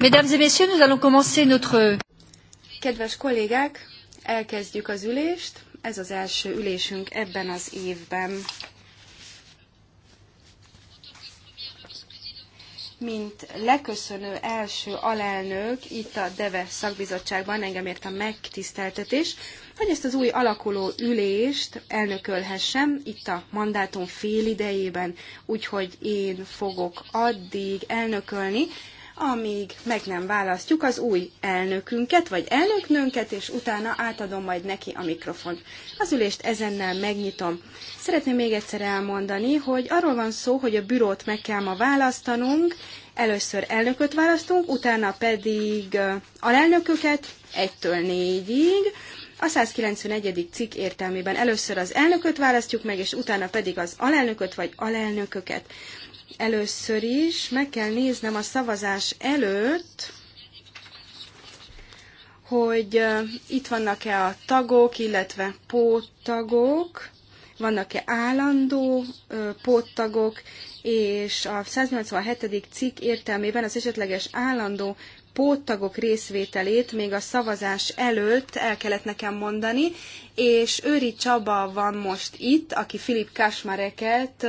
Mesdames et messieurs, nous allons commencer notre... Kedves kollégák, elkezdjük az ülést. Ez az első ülésünk ebben az évben. Mint leköszönő első alelnök itt a DEVE szakbizottságban engem ért a megtiszteltetés, hogy ezt az új alakuló ülést elnökölhessem itt a mandátum fél idejében, úgyhogy én fogok addig elnökölni, amíg meg nem választjuk az új elnökünket, vagy elnöknőnket, és utána átadom majd neki a mikrofont. Az ülést ezennel megnyitom. Szeretném még egyszer elmondani, hogy arról van szó, hogy a bürót meg kell ma választanunk, először elnököt választunk, utána pedig alelnököket, egytől négyig, a 191. cikk értelmében először az elnököt választjuk meg, és utána pedig az alelnököt vagy alelnököket. Először is meg kell néznem a szavazás előtt, hogy itt vannak-e a tagok, illetve póttagok, vannak-e állandó póttagok, és a 187. cikk értelmében az esetleges állandó póttagok részvételét még a szavazás előtt el kellett nekem mondani, és Őri Csaba van most itt, aki Filip Kásmareket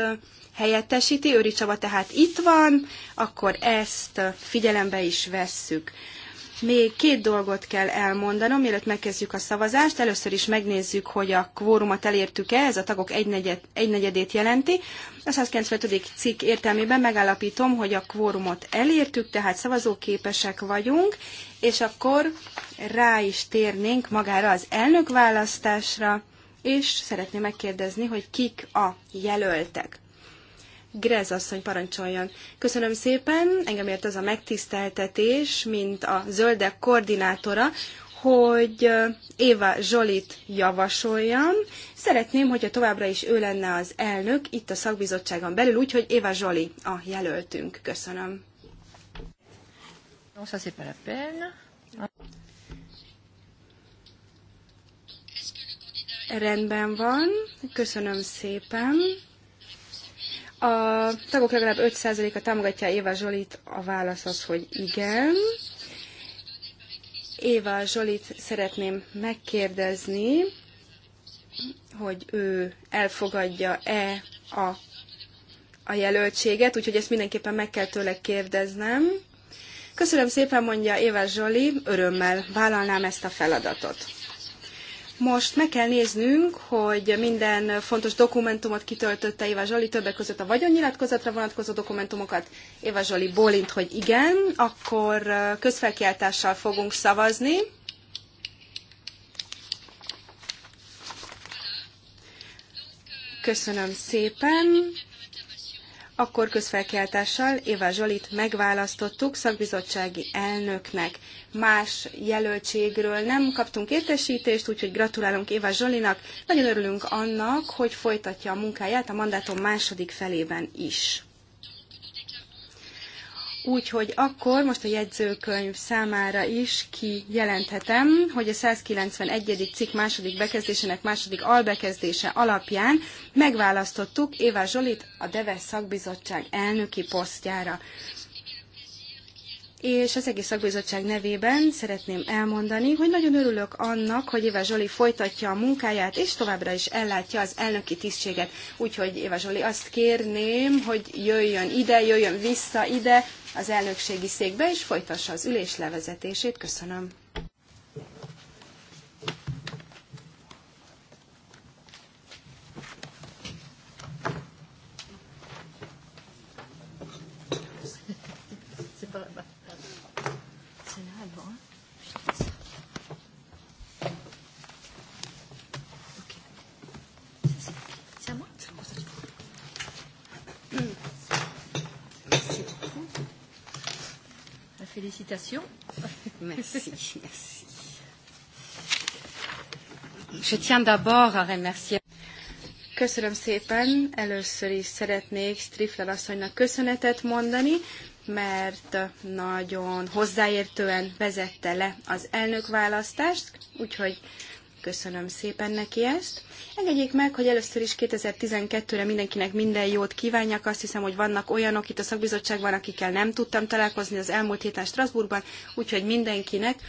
helyettesíti. Őri Csaba tehát itt van, akkor ezt figyelembe is vesszük. Még két dolgot kell elmondanom, mielőtt megkezdjük a szavazást. Először is megnézzük, hogy a kvórumot elértük-e, ez a tagok egynegyed, egynegyedét jelenti. A 195. cikk értelmében megállapítom, hogy a kvórumot elértük, tehát szavazóképesek vagyunk, és akkor rá is térnénk magára az elnökválasztásra, és szeretném megkérdezni, hogy kik a jelöltek. Grez asszony parancsoljon. Köszönöm szépen, engem ért az a megtiszteltetés, mint a zöldek koordinátora, hogy Éva Zsolit javasoljam. Szeretném, hogyha továbbra is ő lenne az elnök itt a szakbizottságon belül, úgyhogy Éva Zsoli a jelöltünk. Köszönöm. Rendben van, köszönöm szépen. A tagok legalább 5%-a támogatja Éva Zsolit. A válasz az, hogy igen. Éva Zsolit szeretném megkérdezni, hogy ő elfogadja-e a, a jelöltséget, úgyhogy ezt mindenképpen meg kell tőle kérdeznem. Köszönöm szépen, mondja Éva Zsoli, örömmel vállalnám ezt a feladatot. Most meg kell néznünk, hogy minden fontos dokumentumot kitöltötte Éva Zsoli, többek között a vagyonnyilatkozatra vonatkozó dokumentumokat. Éva Zsoli bólint, hogy igen, akkor közfelkiáltással fogunk szavazni. Köszönöm szépen. Akkor közfelkiáltással Éva Zsolit megválasztottuk szakbizottsági elnöknek. Más jelöltségről nem kaptunk értesítést, úgyhogy gratulálunk Éva Zsolinak. Nagyon örülünk annak, hogy folytatja a munkáját a mandátum második felében is. Úgyhogy akkor most a jegyzőkönyv számára is kijelenthetem, hogy a 191. cikk második bekezdésének második albekezdése alapján megválasztottuk Éva Zsolit a Deves szakbizottság elnöki posztjára és az egész szakbizottság nevében szeretném elmondani, hogy nagyon örülök annak, hogy Éva Zsoli folytatja a munkáját, és továbbra is ellátja az elnöki tisztséget. Úgyhogy Éva Zsoli azt kérném, hogy jöjjön ide, jöjjön vissza ide az elnökségi székbe, és folytassa az ülés levezetését. Köszönöm. Félicitations. Merci, merci. Je tiens d'abord à remercier Köszönöm szépen. Először is szeretnék Strifler asszonynak köszönetet mondani, mert nagyon hozzáértően vezette le az elnökválasztást, úgyhogy Köszönöm szépen neki ezt. Engedjék meg, hogy először is 2012-re mindenkinek minden jót kívánjak. Azt hiszem, hogy vannak olyanok itt a szakbizottságban, akikkel nem tudtam találkozni az elmúlt héten Strasbourgban, úgyhogy mindenkinek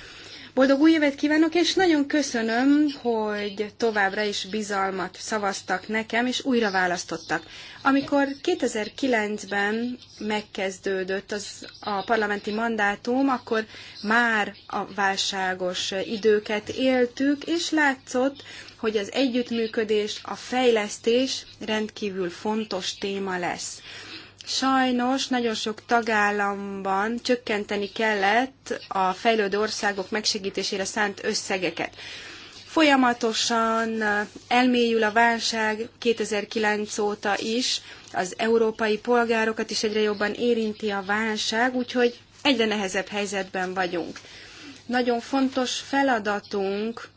Boldog új évet kívánok, és nagyon köszönöm, hogy továbbra is bizalmat szavaztak nekem, és újra választottak. Amikor 2009-ben megkezdődött az, a parlamenti mandátum, akkor már a válságos időket éltük, és látszott, hogy az együttműködés, a fejlesztés rendkívül fontos téma lesz. Sajnos nagyon sok tagállamban csökkenteni kellett a fejlődő országok megsegítésére szánt összegeket. Folyamatosan elmélyül a válság 2009 óta is, az európai polgárokat is egyre jobban érinti a válság, úgyhogy egyre nehezebb helyzetben vagyunk. Nagyon fontos feladatunk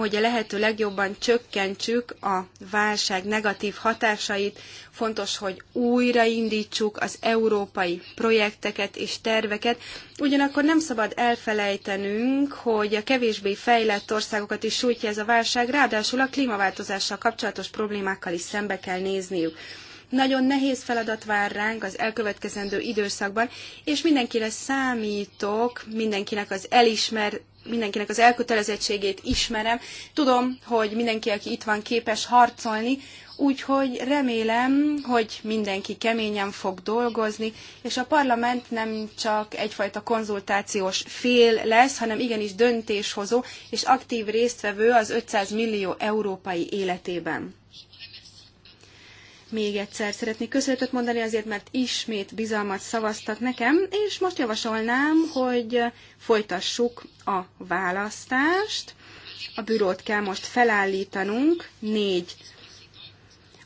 hogy a lehető legjobban csökkentsük a válság negatív hatásait, fontos, hogy újraindítsuk az európai projekteket és terveket, ugyanakkor nem szabad elfelejtenünk, hogy a kevésbé fejlett országokat is sújtja ez a válság, ráadásul a klímaváltozással kapcsolatos problémákkal is szembe kell nézniük. Nagyon nehéz feladat vár ránk az elkövetkezendő időszakban, és mindenkire számítok, mindenkinek az elismer, mindenkinek az elkötelezettségét ismerem. Tudom, hogy mindenki, aki itt van, képes harcolni, úgyhogy remélem, hogy mindenki keményen fog dolgozni, és a parlament nem csak egyfajta konzultációs fél lesz, hanem igenis döntéshozó és aktív résztvevő az 500 millió európai életében. Még egyszer szeretnék köszönetet mondani azért, mert ismét bizalmat szavaztak nekem, és most javasolnám, hogy folytassuk a választást. A bürót kell most felállítanunk, négy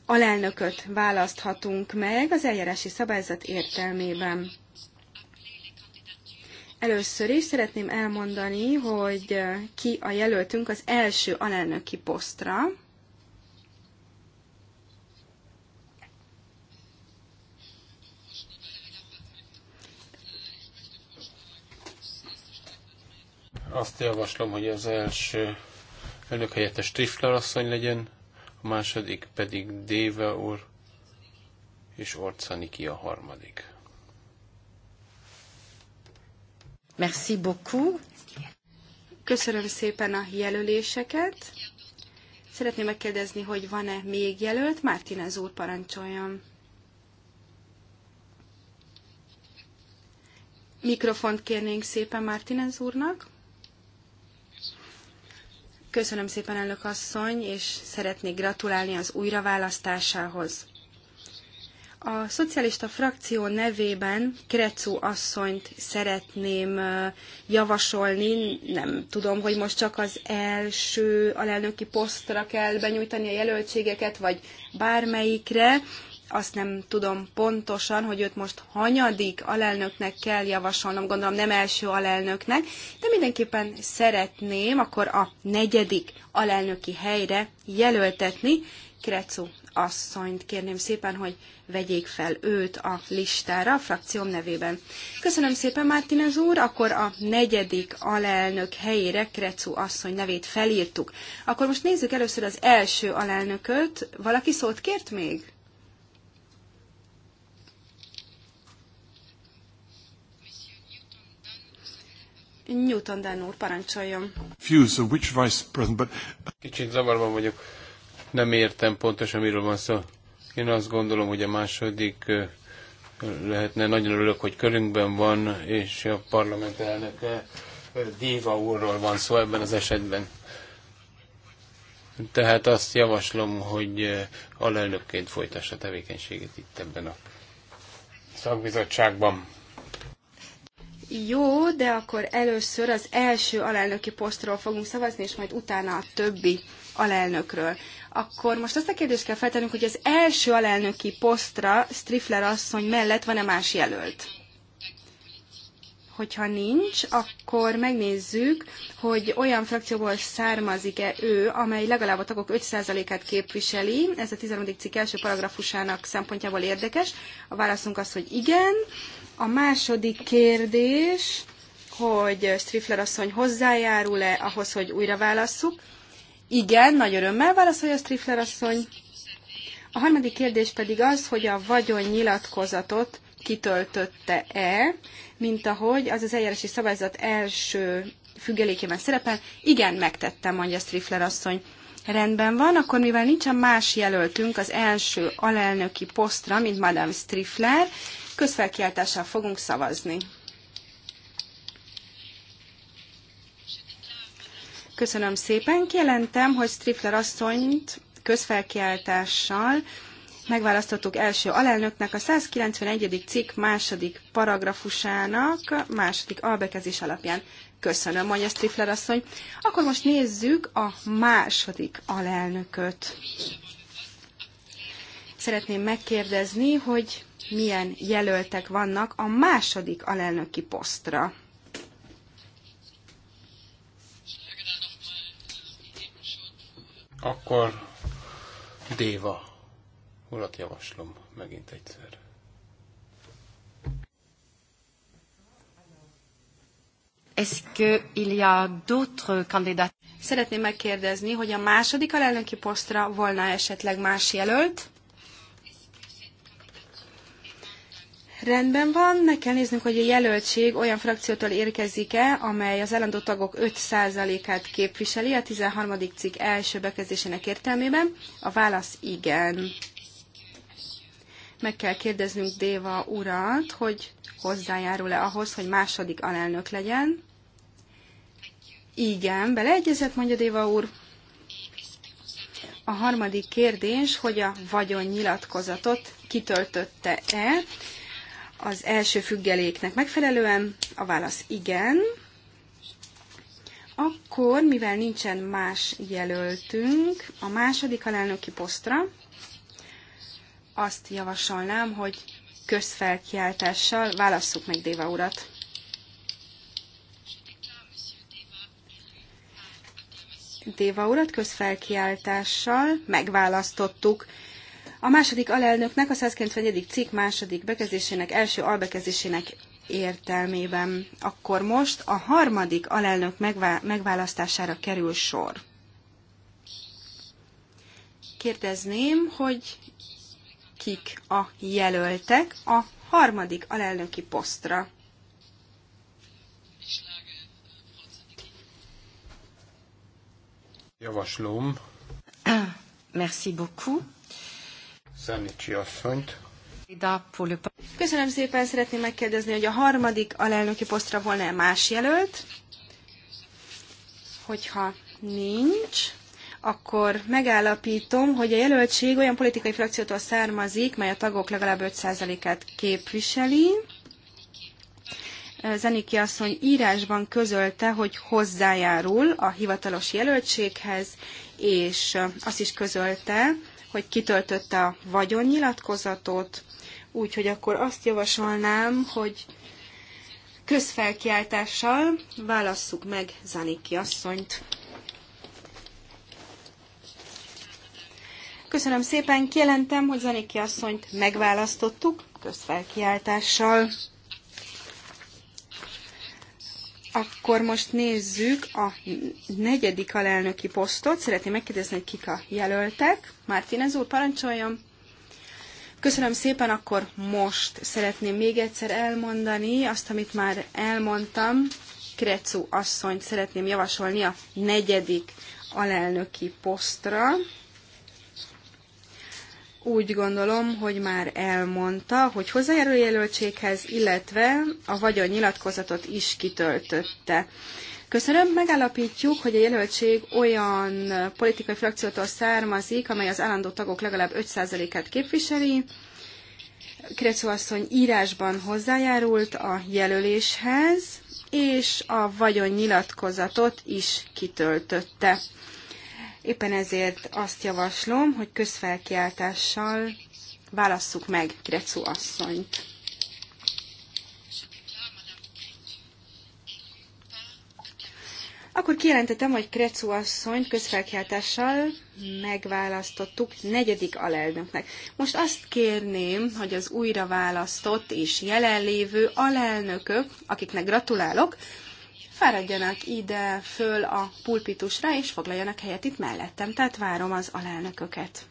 alelnököt választhatunk meg az eljárási szabályzat értelmében. Először is szeretném elmondani, hogy ki a jelöltünk az első alelnöki posztra. Azt javaslom, hogy az első önök helyettes Trifler asszony legyen, a második pedig Déve úr, és Orcaniki a harmadik. Merci beaucoup. Köszönöm szépen a jelöléseket. Szeretném megkérdezni, hogy van-e még jelölt? Mártinez úr parancsoljon. Mikrofont kérnénk szépen Mártinez úrnak. Köszönöm szépen, elnök asszony, és szeretnék gratulálni az újraválasztásához. A szocialista frakció nevében Krecu asszonyt szeretném javasolni. Nem tudom, hogy most csak az első alelnöki posztra kell benyújtani a jelöltségeket, vagy bármelyikre azt nem tudom pontosan, hogy őt most hanyadik alelnöknek kell javasolnom, gondolom nem első alelnöknek, de mindenképpen szeretném akkor a negyedik alelnöki helyre jelöltetni Krecu asszonyt. Kérném szépen, hogy vegyék fel őt a listára a frakcióm nevében. Köszönöm szépen, Mártinez úr, akkor a negyedik alelnök helyére Krecu asszony nevét felírtuk. Akkor most nézzük először az első alelnököt. Valaki szót kért még? Newton Dan úr, parancsoljon. Kicsit zavarban vagyok. Nem értem pontosan, miről van szó. Én azt gondolom, hogy a második lehetne. Nagyon örülök, hogy körünkben van, és a parlament elnöke Diva úrról van szó ebben az esetben. Tehát azt javaslom, hogy alelnökként folytassa tevékenységét itt ebben a szakbizottságban. Jó, de akkor először az első alelnöki posztról fogunk szavazni, és majd utána a többi alelnökről. Akkor most azt a kérdést kell feltennünk, hogy az első alelnöki posztra Strifler asszony mellett van-e más jelölt? Hogyha nincs, akkor megnézzük, hogy olyan frakcióból származik-e ő, amely legalább a tagok 5%-át képviseli. Ez a 13. cikk első paragrafusának szempontjából érdekes. A válaszunk az, hogy igen a második kérdés, hogy Strifler asszony hozzájárul-e ahhoz, hogy újra válasszuk. Igen, nagy örömmel válaszolja Strifler asszony. A harmadik kérdés pedig az, hogy a vagyonnyilatkozatot kitöltötte-e, mint ahogy az az eljárási szabályzat első függelékében szerepel. Igen, megtettem, mondja Strifler asszony. Rendben van, akkor mivel nincsen más jelöltünk az első alelnöki posztra, mint Madame Strifler, közfelkiáltással fogunk szavazni. Köszönöm szépen. kielentem, hogy Strifler asszonyt közfelkiáltással megválasztottuk első alelnöknek a 191. cikk második paragrafusának második albekezés alapján. Köszönöm, mondja Strifler asszony. Akkor most nézzük a második alelnököt. Szeretném megkérdezni, hogy milyen jelöltek vannak a második alelnöki posztra. Akkor Déva urat javaslom megint egyszer. Szeretném megkérdezni, hogy a második alelnöki posztra volna esetleg más jelölt? Rendben van, meg kell néznünk, hogy a jelöltség olyan frakciótól érkezik-e, amely az állandó tagok 5%-át képviseli a 13. cikk első bekezdésének értelmében. A válasz igen. Meg kell kérdeznünk Déva urat, hogy hozzájárul-e ahhoz, hogy második alelnök legyen. Igen, beleegyezett, mondja Déva úr. A harmadik kérdés, hogy a vagyonnyilatkozatot kitöltötte-e, az első függeléknek megfelelően? A válasz igen. Akkor, mivel nincsen más jelöltünk, a második alelnöki posztra azt javasolnám, hogy közfelkiáltással válasszuk meg Déva urat. Déva urat közfelkiáltással megválasztottuk. A második alelnöknek a 194. cikk második bekezdésének első albekezdésének értelmében. Akkor most a harmadik alelnök megvá- megválasztására kerül sor. Kérdezném, hogy kik a jelöltek a harmadik alelnöki posztra. Javaslom. Ah, merci beaucoup. Zanicsi asszonyt. Köszönöm szépen, szeretném megkérdezni, hogy a harmadik alelnöki posztra volna-e más jelölt? Hogyha nincs, akkor megállapítom, hogy a jelöltség olyan politikai frakciótól származik, mely a tagok legalább 5%-át képviseli. Zeniki asszony írásban közölte, hogy hozzájárul a hivatalos jelöltséghez, és azt is közölte, hogy kitöltötte a vagyonnyilatkozatot, úgyhogy akkor azt javasolnám, hogy közfelkiáltással válasszuk meg Zaniki asszonyt. Köszönöm szépen, kijelentem, hogy Zaniki asszonyt megválasztottuk közfelkiáltással. Akkor most nézzük a negyedik alelnöki posztot. Szeretném megkérdezni, hogy kik a jelöltek. Mártinez úr, parancsoljon! Köszönöm szépen, akkor most szeretném még egyszer elmondani azt, amit már elmondtam. Krecu asszonyt szeretném javasolni a negyedik alelnöki posztra úgy gondolom, hogy már elmondta, hogy hozzájárul illetve a vagyonnyilatkozatot is kitöltötte. Köszönöm, megállapítjuk, hogy a jelöltség olyan politikai frakciótól származik, amely az állandó tagok legalább 5%-át képviseli. Kirecó asszony írásban hozzájárult a jelöléshez, és a vagyonnyilatkozatot is kitöltötte. Éppen ezért azt javaslom, hogy közfelkiáltással válasszuk meg Grecu asszonyt. Akkor kijelentettem, hogy Krecu asszony közfelkiáltással megválasztottuk negyedik alelnöknek. Most azt kérném, hogy az újra választott és jelenlévő alelnökök, akiknek gratulálok, fáradjanak ide föl a pulpitusra, és foglaljanak helyet itt mellettem. Tehát várom az alelnököket.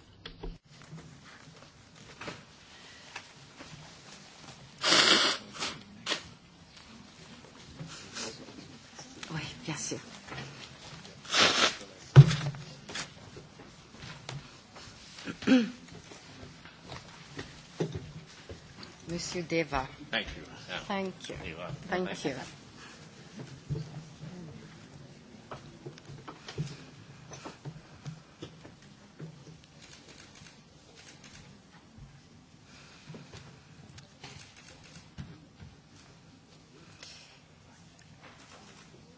Oui, bien Monsieur Deva. Thank you. Yeah. Thank you. Thank you.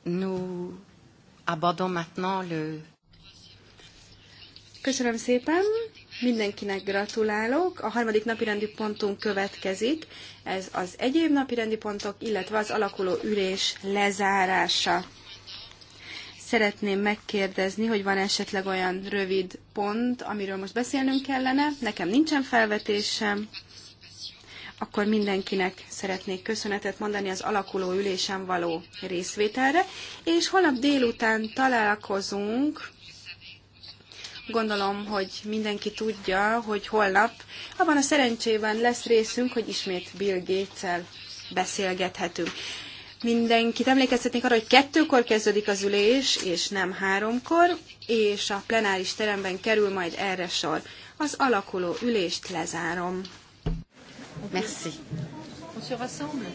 Nous abordons maintenant le... Köszönöm szépen! Mindenkinek gratulálok. A harmadik napirendi pontunk következik. Ez az egyéb napirendi pontok, illetve az alakuló ülés lezárása. Szeretném megkérdezni, hogy van esetleg olyan rövid pont, amiről most beszélnünk kellene. Nekem nincsen felvetésem akkor mindenkinek szeretnék köszönetet mondani az alakuló ülésen való részvételre, és holnap délután találkozunk. Gondolom, hogy mindenki tudja, hogy holnap abban a szerencsében lesz részünk, hogy ismét Bill gates beszélgethetünk. Mindenkit emlékeztetnék arra, hogy kettőkor kezdődik az ülés, és nem háromkor, és a plenáris teremben kerül majd erre sor. Az alakuló ülést lezárom. Merci. On se rassemble